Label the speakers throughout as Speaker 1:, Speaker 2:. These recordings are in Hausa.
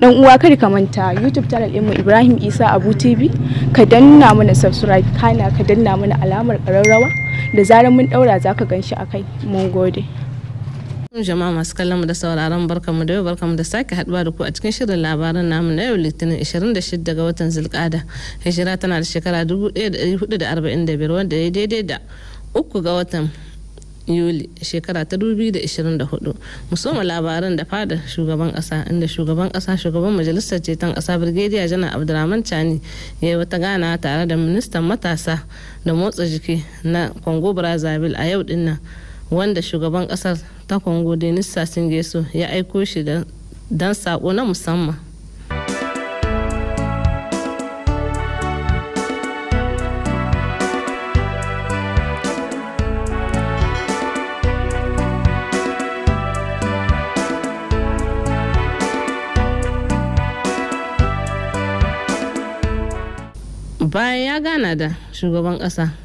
Speaker 1: dan uwa kada ka manta youtube channel mu ibrahim isa abu tv ka danna mana subscribe kana ka danna mana alamar kararrawa da zarar mun daura za ka ganshi a kai mun gode
Speaker 2: jama'a masu kallon mu da sauraron barkamu da yau barkamu da sake haduwa da ku a cikin shirin labaran namu na yau litinin 26 ga watan zulkada hijira tana da shekara 1445 wanda ya daidai da uku ga watan yuli shekara ta 2024 musamman labaran da fada shugaban kasa inda shugaban kasa shugaban majalisar ceton kasa birgediya jana abdulrahman chani ya yi wata gana tare da ministan matasa da motsa jiki na congo brazzaville a yau dinnan wanda shugaban kasar ta congo denis sassin ya aiko shi don sako na musamman ya gana da shugaban kasa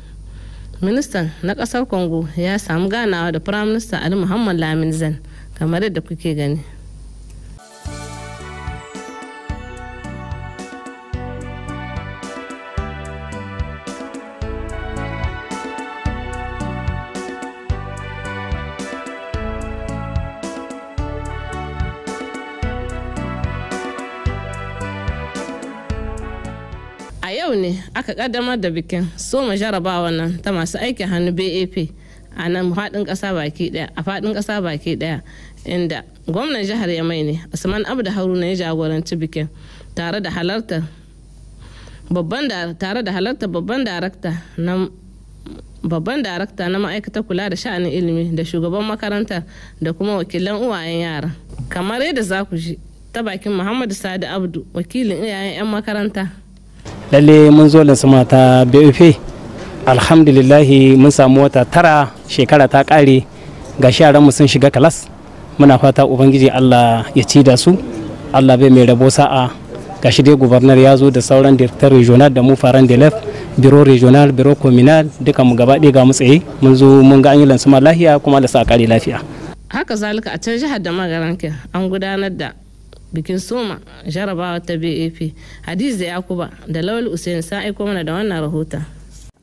Speaker 2: ministan na kasar congo ya samu ganawa da firaminista ali muhammad lamin zan kamar yadda kuke gani ka kaddamar da bikin so soma jaraba nan ta masu aikin hannu bap a nan faɗin ƙasa baki ɗaya a faɗin ƙasa baki ɗaya inda gwamnan jihar yamai ne usman Abu haruna ya jagoranci bikin tare da halartar babban tare da halartar babban darakta na babban darakta na ma'aikatar kula da sha'anin ilimi da shugaban makarantar da kuma wakilan uwayen yara kamar yadda za ku ji ta bakin muhammadu sadi abdu wakilin iyayen 'yan makaranta
Speaker 3: lalle mun zo lansuma ta bf alhamdulillahi mun samu wata tara shekara ta kare ga mu sun shiga kalas muna fata ubangiji allah ya ci da su allah bai mai rabo sa'a gashi dai gubernar ya zo da sauran director regional da mu faran delef biro regional biro communal duka mu gaba ɗaya ga mu tsaye mun zo mun ga an lansuma lafiya kuma da sa kare lafiya
Speaker 2: haka zalika a can jihar da magarankin an gudanar da bikin soma jarabawa ta bap hadiza da yakuba da lawal usain sa'i aiko mana da wannan rahoton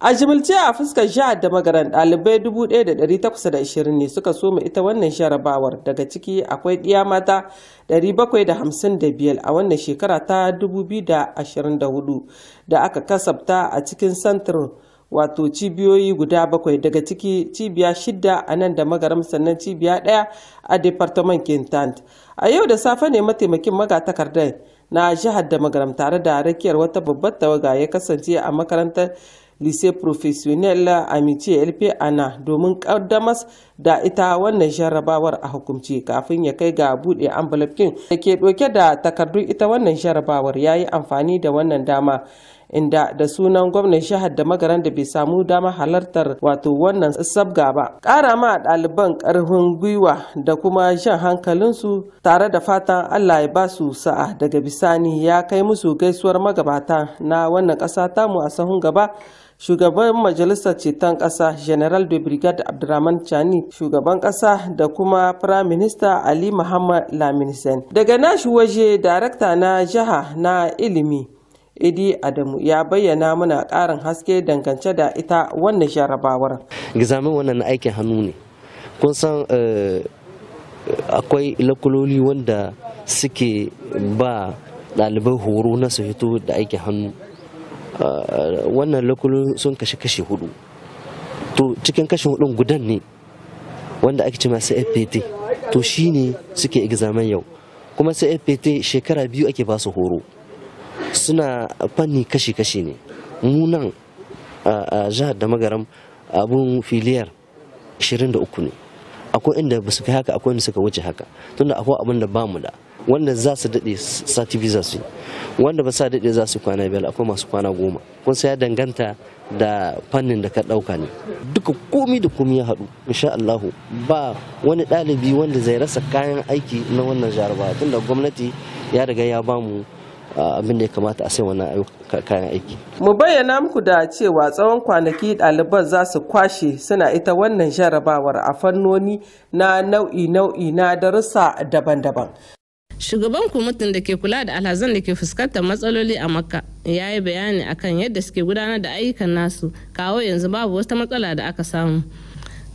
Speaker 3: a jibilce a fuskar jihar da magaran ɗalibai 1820 ne suka soma ita wannan jarabawar daga ciki akwai ɗiya mata 755 a wannan shekara ta 2024 da aka kasabta a cikin santirin wato cibiyoyi guda bakwai daga ciki cibiya shida a nan da magaram sannan cibiya ɗaya a departament kintant a yau da safe ne mataimakin magatakardar na jihar da magaram tare da rakiyar wata babbar tawaga ya kasance a makarantar lycée professionnel amitié lp ana domin kaddamas da ita wannan jarrabawar a hukumce kafin ya kai ga bude envelope da ke doke da takardun ita wannan jarrabawar ya yi amfani da wannan dama inda da sunan gwamnan shahar da magaran da bai samu dama halartar wato wannan sabga ba ƙara ma ɗaliban ƙarfin gwiwa da kuma shan hankalinsu tare da fatan allah ya basu sa'a daga bisani ya kai musu gaisuwar magabata na wannan ƙasa tamu a sahun gaba shugaban majalisar ceton ƙasa general de brigade abdurrahman chani shugaban ƙasa da kuma prime minister ali muhammad laminsen daga nashi waje darakta na jiha na ilimi Idi Adamu ya bayyana mana ƙarin haske dangance da ita wannan jarabawar.
Speaker 4: Gizamin wannan aikin hannu ne. Kun san eh, akwai lakuloli wanda suke ba ɗalibai horo na su hito da aikin hannu. Eh, wannan lakuloli sun kashe kashe hudu. To cikin kashe hudun gudan ne wanda ake ce masu FPT. To shi ne suke examen yau. Kuma sai FPT shekara biyu ake ba su horo. suna fanni kashi-kashi ne munan a jihar da magaram abun filiyar 23 ne akwai inda ba su kai haka akwai inda suka wuce haka tunda akwai abin da ba mu da wanda za su daɗe sati biyu za su yi wanda ba sa daɗe za su kwana biyar akwai masu kwana goma kun sai ya danganta da fannin da ka ɗauka ne duka komi da komi ya haɗu insha Allah ba wani ɗalibi wanda zai rasa kayan aiki na wannan jarabawa tunda gwamnati ya riga ya bamu abin da ya kamata a sai wannan kayan aiki.
Speaker 3: Mu bayyana muku da cewa tsawon kwanaki ɗaliban za su kwashe suna ita wannan jarabawar a fannoni na nau'i-nau'i na darussa daban-daban. shugaban kwamitin
Speaker 2: da ke kula da alhazan da ke fuskantar matsaloli a makka ya yi bayani akan yadda suke gudanar da ayyukan nasu kawo yanzu babu wata matsala da aka samu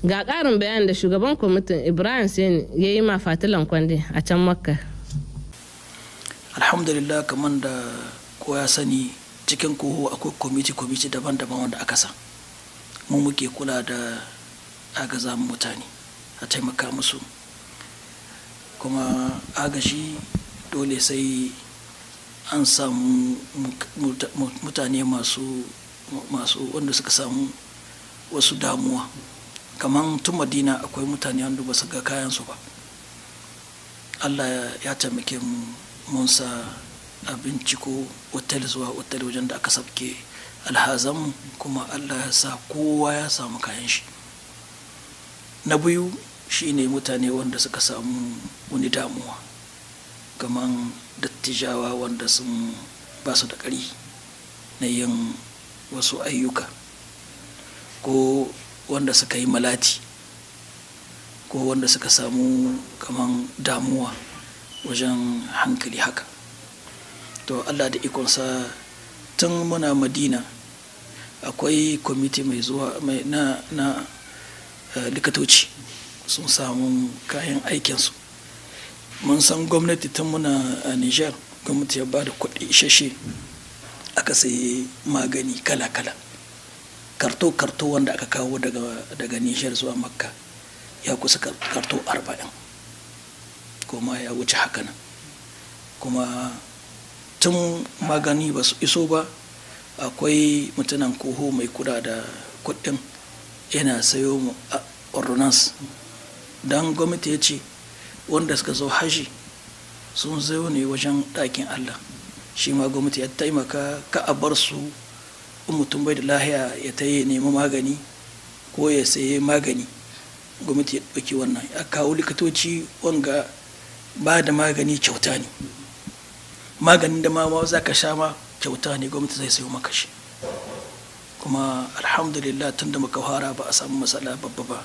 Speaker 2: ga ƙarin bayani da shugaban kwamitin ibrahim sani ya yi ma fatilan kwande a can makka
Speaker 5: alhamdulillah kamar da kowa ya sani cikin koho akwai kwamiti kwamiti daban-daban wanda aka sa mu muke kula da agaza mutane a taimaka musu kuma agashi dole sai an samu mutane masu masu wanda suka samu wasu damuwa kamar tun madina akwai mutane wanda ba su ga kayansu ba allah ya taimake mu mun sa abinci ko otel zuwa otel wajen da aka sabke alhazan kuma allah ya sa kowa ya samu kayan shi na biyu shine mutane wanda suka samu wani damuwa kamar dattijawa wanda sun ba da ƙari na yin wasu ayyuka ko wanda suka yi malati ko wanda suka samu kaman damuwa wajen hankali haka to allah da ikonsa tun muna madina akwai kwamiti mai zuwa mai na, na eh, likatoci sun samu kayan aikinsu mun san gwamnati tun muna a niger gwamnati ya ba da kuɗi isheshe aka sayi magani kala-kala karto-karto wanda aka kawo daga, daga niger zuwa makka ya kusa karto arba'in koma ya wuce haka nan kuma tun magani ba su iso ba akwai mutunan koho mai kuda da kuɗin yana sayo mu ordinance don gwamnati ya ce wanda suka zo haji sun zo ne wajen ɗakin allah shi ma gwamnati ya taimaka ka a bar su mutum bai da lahiya ya ta yi nemi magani ko ya sayi magani gwamnati ya ɗauki wannan a kawo likitoci wanga ba da magani kyauta ne maganin da ma za ka sha ma kyauta ne gwamnati zai sayo maka shi kuma alhamdulillah tun da muka fara ba a samu matsala babba ba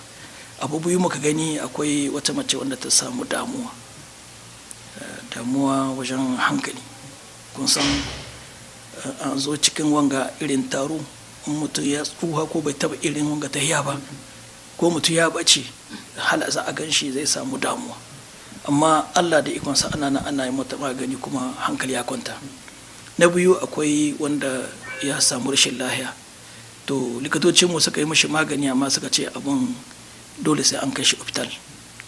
Speaker 5: abu biyu muka gani akwai wata mace wanda ta samu damuwa eh, damuwa wajen hankali kun san eh, an zo cikin wanga irin taro in mutum ya tsuha ko bai taba irin wanga ta ba ko mutum ya bace hala za a gan shi zai samu damuwa amma allah da ikonsa ana na ana yi mata magani kuma hankali ya kwanta na biyu akwai wanda ya samu rashin lahiya to likatocinmu suka yi mashi magani amma suka ce abin dole sai an kai shi hospital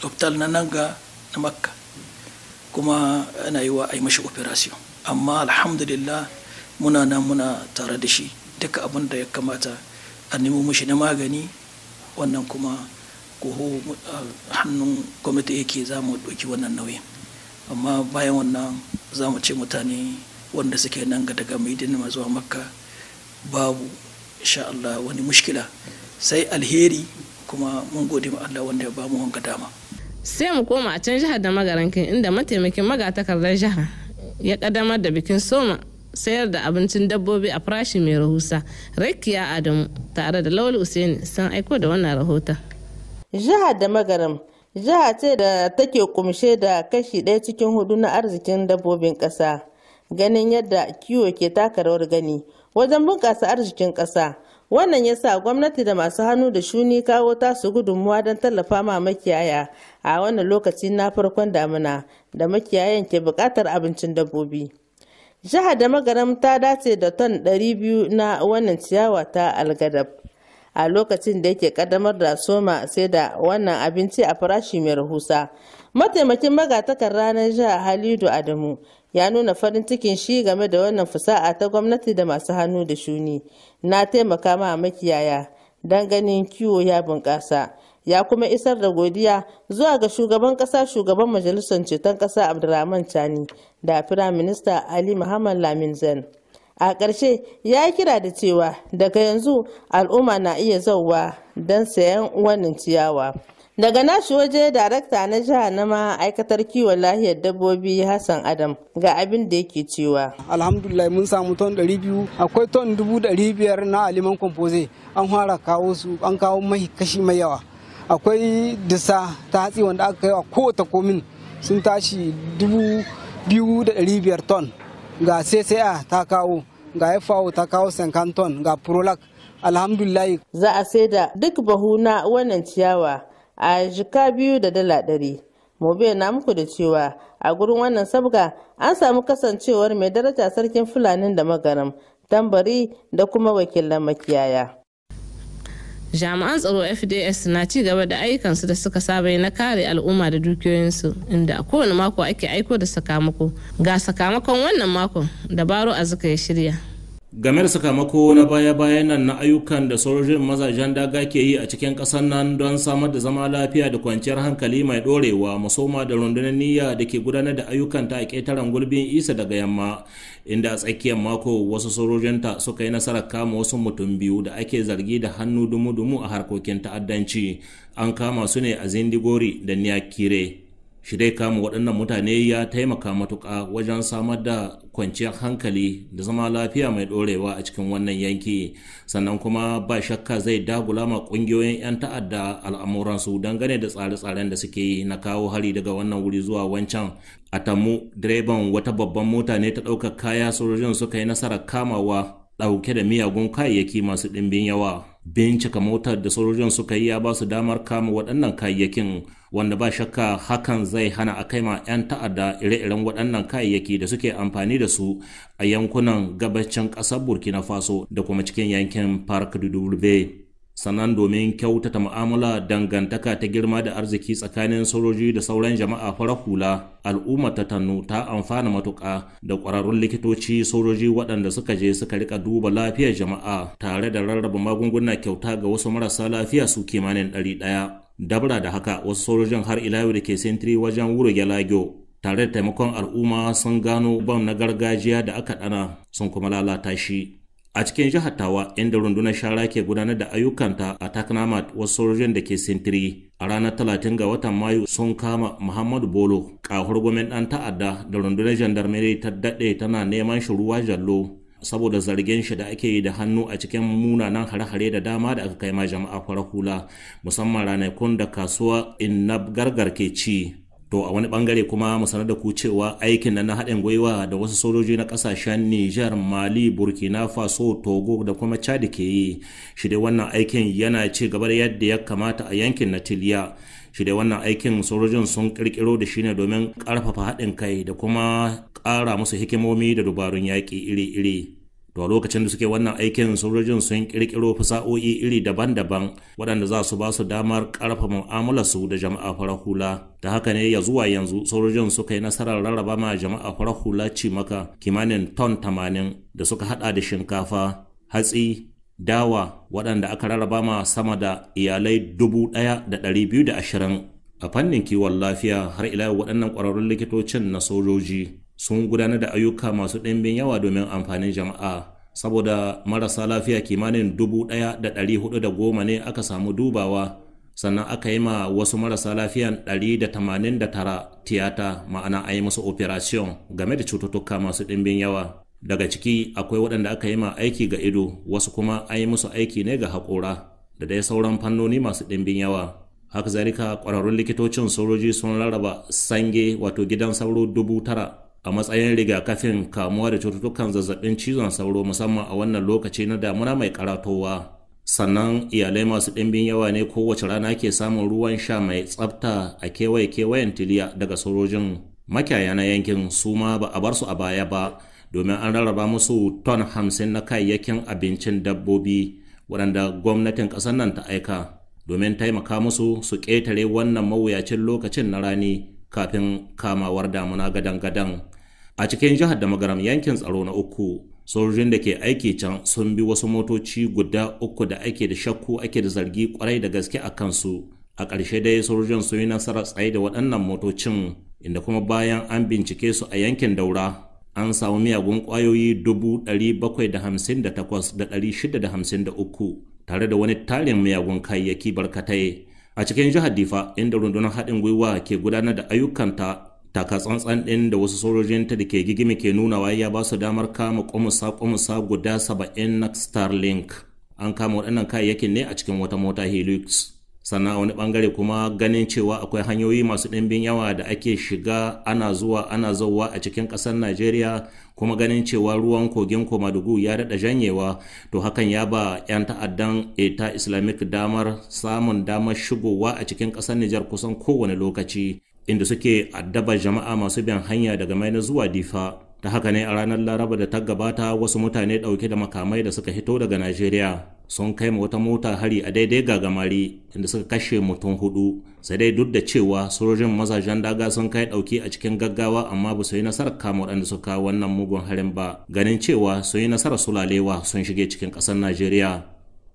Speaker 5: hospital na nan ga na makka kuma ana yi wa a yi mashi operation amma alhamdulillah muna nan muna tare da shi duka abin da ya kamata a nemo mashi na magani wannan kuma koho uh, hannun gwamnati yake za mu ɗauki wannan nauyi amma bayan wannan za mu ce mutane wanda suke nan ga daga maidina zuwa makka babu insha Allah wani mushkila sai alheri kuma mun gode ma Allah wanda ya bamu wanga dama
Speaker 2: sai mu koma a can jihar da magarankin inda mataimakin magatakardar jihar ya kadamar da bikin soma sayar da abincin dabbobi a farashi mai rahusa rakiya adamu tare da lawal usaini sun aiko da wannan rahoton jiha da magaram
Speaker 1: jiha ce da take kumshe da kashi ɗaya cikin hudu na arzikin dabbobin ƙasa ganin yadda kiwo ke taka rawar gani wajen bunƙasa arzikin ƙasa wannan ya sa gwamnati da masu hannu da shuni kawo tasu gudunmuwa don tallafa ma makiyaya a wannan lokaci na farkon damuna da makiyayan ke buƙatar abincin dabbobi jihar da magaram ta dace da ton 200 na wannan ciyawa ta algadab a lokacin da yake kaddamar da soma sai da wannan abinci a farashi mai rahusa mataimakin magatakar ranar jihar halidu adamu ya nuna farin cikin shi game da wannan fusa'a ta gwamnati da masu hannu da shuni na taimaka ma makiyaya don ganin kiwo ya bunƙasa ya kuma isar da godiya zuwa ga shugaban ƙasa shugaban majalisar ceton ƙasa abdulrahman chani da firaminista ali muhammad lamin zen a ƙarshe ya kira da cewa daga yanzu al'umma na iya zauwa don sayan wannan ciyawa daga nashi waje darakta na jiha na ma'aikatar kiwon lahiyar dabbobi hassan adam ga
Speaker 3: abin da yake cewa alhamdulillah mun samu ton 200 akwai ton 500 na aliman kwamfoze an fara kawo su an kawo mai kashi mai yawa akwai disa ta hatsi wanda aka kai wa kowace komin sun tashi 2,500 ton ga a ta kawo ga FAO ta kawo Canton ga Prolac
Speaker 1: alhamdulillahi. Za a sai da duk bahu na wannan ciyawa a jika biyu da dala ɗari. Mobe na muku da cewa a gurin wannan sabga an samu kasancewar mai daraja sarkin Fulanin da magaram tambari da kuma wakilan makiyaya.
Speaker 2: jami'an tsaro fds na ci gaba da ayyukansu da suka saba na kare al'umma da dukiyoyinsu inda a kowane mako ake aiko da sakamako ga sakamakon wannan makon dabaro a zuka ya shirya
Speaker 6: game da sakamako na baya-bayan nan na ayyukan da sojojin mazajen daga ke yi a cikin ƙasar nan don samar da zama lafiya da kwanciyar hankali mai ɗorewa masoma da rundunar niyya da ke gudanar da ayyukan ta a ƙetaren gulbin isa daga yamma inda a tsakiyar mako wasu sojojinta suka yi nasarar kama wasu mutum biyu da ake zargi da hannu dumu-dumu a harkokin ta'addanci an kama su ne a zindigori da niyakire shi dai kama waɗannan mutane ya taimaka matuƙa wajen samar da kwanciyar hankali da zama lafiya mai ɗorewa a cikin wannan yanki sannan kuma ba shakka zai dagula ma ƙungiyoyin 'yan ta'adda al'amuransu dangane da tsare-tsaren da suke yi na kawo hari daga wannan wuri zuwa wancan a tamu direban wata babban mota ne ta ɗaukar kaya sojojin suka yi nasarar kamawa ɗauke da miyagun kayayyaki masu ɗimbin yawa bincika motar da sojojin suka yi ya ba su damar kama waɗannan kayayyakin wanda ba shakka hakan zai hana a kai ma 'yan ta'adda ire-iren waɗannan kayayyaki da suke amfani da su a yankunan gabacin ƙasar burkina faso da kuma cikin yankin park dudurbe sannan domin kyautata mu'amala dangantaka ta girma da arziki tsakanin sojoji da sauran jama'a fara hula al'umma ta tannu ta amfana matuƙa da ƙwararrun likitoci sojoji waɗanda suka je suka rika duba lafiyar jama'a tare da rarraba magunguna kyauta ga wasu marasa lafiya su kimanin ɗari ɗaya dabara da haka wasu sojojin har ila da ke sentiri wajen ya lagyo tare da taimakon al'umma sun gano bam na gargajiya da aka ɗana sun kuma lalata shi a cikin jihar tawa inda rundunar shara ke gudanar da ayyukanta a taknamat wasu sojojin da ke sintiri a ranar talatin ga watan mayu sun kama muhammadu bolo kahur gwamin dan ta'adda da rundunar jandarmeri ta daɗe tana neman shi ruwa jallo saboda zargin shi da ake yi da hannu a cikin munanan hare-hare da dama da aka kai ma jama'a fara hula musamman ranakun da kasuwa innab gargar ke ci to a wani bangare kuma mu sanar da ku cewa aikin na haɗin gwiwa da wasu sojoji na ƙasashen Nijar, Mali, Burkina Faso, Togo da kuma Chad ke yi shi dai wannan aikin yana ci gaba da yadda ya kamata a yankin na Tiliya shi dai wannan aikin sojojin sun kirkiro da shi ne domin karfafa haɗin kai da kuma ƙara musu hikimomi da dubarun yaƙi iri-iri to lokacin da suke wannan aikin sojojin sun ƙirƙiro fasa'o'i iri daban-daban waɗanda za su ba su damar ƙarfafa su da jama'a farar hula da haka ne ya zuwa yanzu sojojin suka yi nasarar rarraba ma jama'a farar hula ci maka kimanin ton tamanin da suka haɗa da shinkafa hatsi dawa waɗanda aka rarraba ma sama da iyalai dubu ɗaya da ɗari biyu da ashirin a fannin kiwon lafiya har ila waɗannan ƙwararrun likitocin na sojoji sun gudanar da ayyuka masu ɗimbin yawa domin amfanin jama'a saboda marasa lafiya kimanin dubu ɗaya da ɗari hudu da goma ne aka samu dubawa sannan aka yi ma wasu marasa lafiyan ɗari da tamanin da tara tiyata ma'ana a yi musu operation game da cututtuka masu ɗimbin yawa daga ciki akwai waɗanda aka yi ma aiki ga ido wasu kuma an yi musu aiki ne ga haƙora da dai sauran fannoni masu ɗimbin yawa haka zalika ƙwararrun likitocin sojoji sun rarraba sange wato gidan sauro dubu tara a matsayin rigakafin kamuwa da cututtukan zazzabin cizon sauro musamman a wannan lokaci na damuna mai karatowa sannan iyalai masu ɗimbin yawa ne kowace rana ke samun ruwan sha mai tsafta a kewaye kewayen tiliya daga sojojin makiyaya na yankin su ma ba a bar su a baya ba domin an rarraba musu ton hamsin na kayayyakin abincin dabbobi waɗanda gwamnatin ƙasar nan ta aika domin taimaka musu su ƙetare wannan mawuyacin lokacin na rani kafin kamawar damuna gadan-gadan a cikin jihar da magaram yankin tsaro na uku sojojin da ke aiki can sun bi wasu motoci guda uku da ake da shakku ake da zargi kwarai da gaske a kansu a ƙarshe dai sojojin sun yi nasarar tsaye da waɗannan motocin inda kuma bayan an bincike su a yankin daura an samu miyagun ƙwayoyi 758,653 tare da wani tarin miyagun kayayyaki barkatai a cikin jihar difa inda rundunar haɗin gwiwa ke gudanar da ayyukanta taka tsantsan ɗin da wasu sojojin ta da ke gigimi ke nunawa ya ba su damar kama kwamusa kwamusa guda saba'in na starlink an kama waɗannan kayayyakin ne a cikin wata mota helix sannan a wani bangare kuma ganin cewa akwai hanyoyi masu ɗimbin yawa da ake shiga ana zuwa ana zauwa a cikin ƙasar najeriya kuma ganin cewa ruwan kogin komadugu ya daɗa janyewa to hakan ya ba 'yan ta'addan eta islamic damar samun damar shigowa a cikin ƙasar nijar kusan kowane lokaci inda suke addaba jama'a masu bin hanya daga maina zuwa difa ta haka ne a ranar laraba da ta gabata wasu mutane ɗauke da makamai da suka hito daga najeriya sun kai wata mota hari a daidai gagamari inda suka kashe mutum hudu sai dai duk da cewa sojojin mazajen daga sun kai dauki a cikin gaggawa amma ba su yi nasarar kama waɗanda suka wannan mugun harin ba ganin cewa su yi nasarar sulalewa sun shige cikin ƙasar najeriya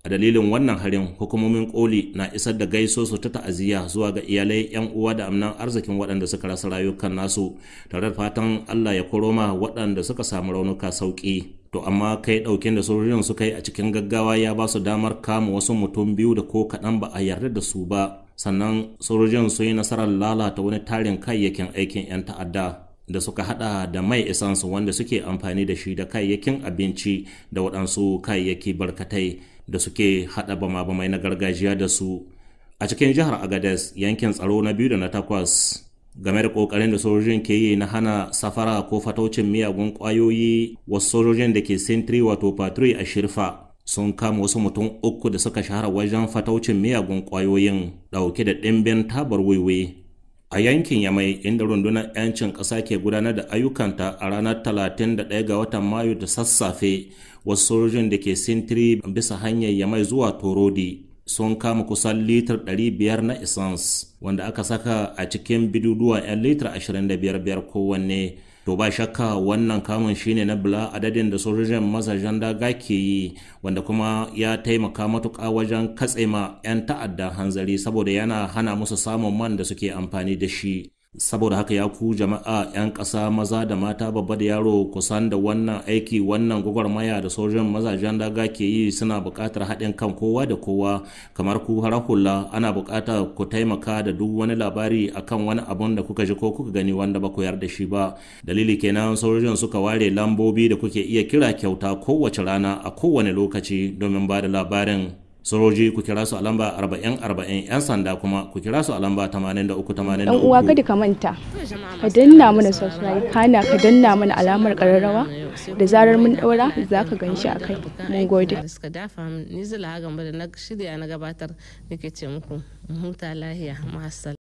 Speaker 6: a dalilin wannan harin hukumomin koli na isar da su ta ta'aziyya zuwa ga iyalai yan uwa da amnan arzikin waɗanda suka rasa rayukan nasu tare da fatan allah ya koroma waɗanda suka samu raunuka sauki to amma kai ɗaukin da sojojin suka yi a cikin gaggawa ya ba su damar kama wasu mutum biyu da ko kaɗan ba a yarda da su ba sannan sojojin sun yi nasarar lalata wani tarin kayayyakin aikin 'yan ta'adda da suka hada da mai isansu wanda suke amfani da shi da kayayyakin abinci da waɗansu kayayyaki barkatai da suke hada bama-bamai na gargajiya da su a cikin jihar Agadez yankin tsaro na biyu da na takwas game da kokarin da sojojin ke yi na hana safara ko fataucin miyagun kwayoyi wasu sojojin da ke sentry wato patrol a shirfa sun kama wasu mutum uku da suka shahara wajen fataucin miyagun kwayoyin dauke da ɗimbin tabar wiwi a yankin yamai inda rundunar 'yancin ƙasa ke gudanar da ayyukanta a ranar 31 ga watan mayu da sassafe wasu sojojin da ke sintiri bisa hanyar ya mai zuwa torodi sun kama kusan litar 500 na essence wanda aka saka a cikin biduduwa 'yan litar 25 kowanne to ba shakka wannan kamun shine na bila adadin da sojojin mazajen daga ke yi wanda kuma ya taimaka matuka wajen katse ma 'yan ta'adda hanzari saboda yana hana musu samun man da suke amfani da shi saboda haka ya ku jama'a 'yan ƙasa maza da mata babba da yaro kusan da wannan aiki wannan gwagwarmaya da sojin mazajen daga ke yi suna buƙatar haɗin kan kowa da kowa kamar ku har hula ana buƙatar ku taimaka da duk wani labari akan wani abun da kuka ji ko kuka gani wanda ba ku yarda shi ba dalili kenan sojan suka ware lambobi da kuke iya kira kyauta kowace rana a kowane lokaci domin ba da labarin sojoji ku kira su a lamba 40-40 'yan sanda kuma ku kira su a lamba 83-83 yan uwa kada
Speaker 1: ka manta ka danna mana sosai kana ka danna mana alamar kararrawa da zarar mun daura za ka gan shi a kai mun gode